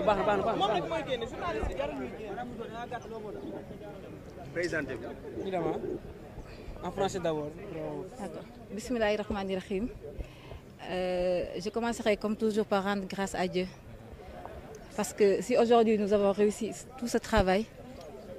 bu baax na baax na ah. euh, je commencerai comme toujours par rendre grâce à Dieu parce que si aujourd'hui nous avons réussi tout ce travail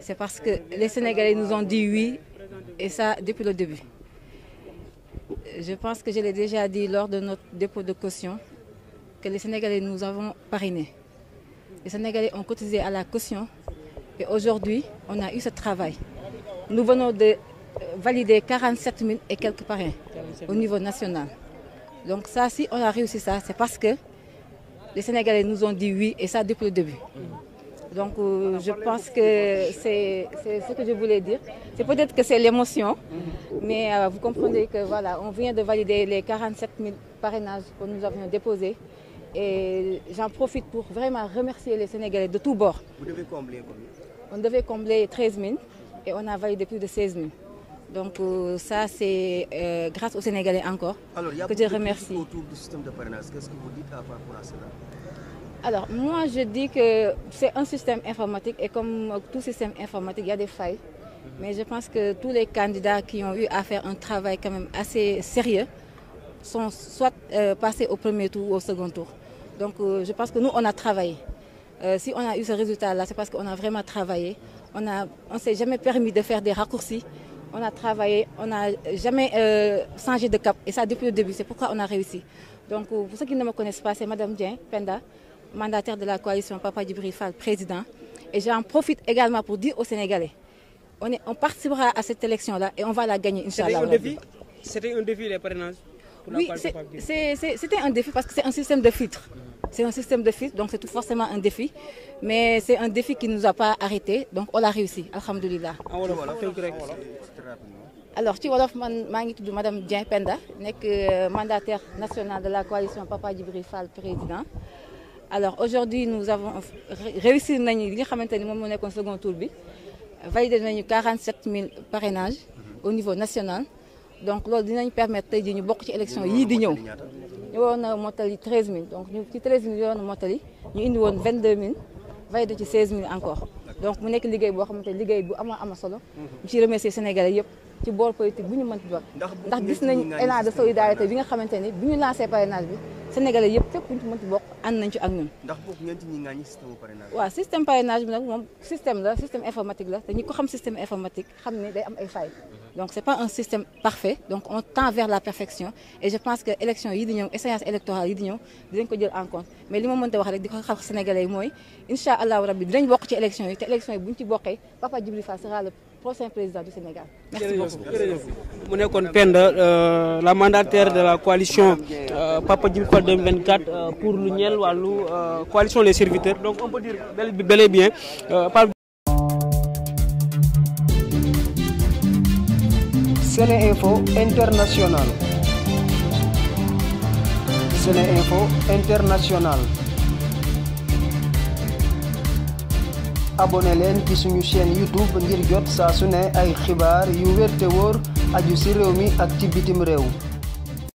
c'est parce que les Sénégalais nous ont dit oui et ça depuis le début je pense que je l'ai déjà dit lors de notre dépôt de caution que les Sénégalais nous avons parrainés Les Sénégalais ont à la caution et aujourd'hui, on a eu ce travail. Nous venons euh, et quelques parrains au niveau national. Donc a réussi ça, parce que les Sénégalais nous ont dit ça depuis le Donc euh, je que c'est ce que je voulais dire. C'est peut-être que c'est l'émotion, mais euh, de valider les 47 000 parrainages que nous Et j'en profite pour vraiment remercier les Sénégalais de tout bords. Vous devez combler On devait combler 13 000 et on a validé plus de 16 000. Donc euh, c'est euh, grâce aux Sénégalais encore que je remercie. autour du système un système informatique et comme tout système informatique, il y a des failles. Mhm. Mais je pense que tous les candidats qui ont eu à un travail quand même assez sérieux, sont soit euh, au premier tour ou au second tour. Donc euh, je pense que nous, a travaillé. Euh, si on a eu ce résultat-là, c'est parce qu'on a vraiment travaillé. On ne on jamais permis de faire des raccourcis. On a travaillé, on n'a jamais euh, changé de cap. Et c'est pourquoi on a réussi. Donc pour ceux qui ne me connaissent pas, c'est Madame Dien Penda, mandataire de la coalition Papa Djibrifal, président. Et j'en profite également pour dire aux Sénégalais, on, participera à cette Oui, c'était un défi parce que c'est de filtre. C'est un système Mais c'est un défi a pas arrêtés, donc on l'a réussi, alhamdoulilah. Ah, ah, alors, ci wolof man maa ngi tudd madame Dieng Penda nekk euh, mandataire nationale de la coalition Papa Djibril Fall président alors aujourd'hui nous avons réussi nañu li nga xamante ni moom moo nekkoon second tour bi validé nañu 47 000 parrainages au niveau national donc loolu dinañ permettre tey ji ñu bokk ci élection yii di ñëw ñu waroon a mottali 13000 donc ñu ci 13000 ñu waroon a mottali ñu indi woon 22000 validé ci 16000 encore donc mu nekk liggéey boo xamante ne liggéey bu ama ama solo ñu mhm. ci remercier Sénégalais yëpp ci boor politique bu ñu mënti doon ndax gis nañ élan de solidarité bi nga xamante ni bi ñu lancé parrainage bi sénégalais yëpp fépp ñu ci mën ci bokk ànd nañ ci ak ñun. ndax système parrainage. bi nag système informatique la te ñi ko xam système informatique xam ne day am ay failles. Mhm. donc c'est pas un système parfait donc on tend vers la perfection et je pense que élection yi di ñëw échéance électorale yi di ñëw dinañ ko jël en compte mais li ma wax rek di ko xam sénégalais yi mooy incha allahu rabbi dinañ bokk ci élection yi te élection yi buñ ci bokkee Papa Djibril Papa Djibril Fall 2024 euh, pour lu ñeel wàllu euh, coalition les serviteurs donc on Sene euh, Info International Sene leen ci suñu chaîne YouTube ngir jot saa su ne ay xibaar yu wér te wóor ci réew mi ak ci bitim réew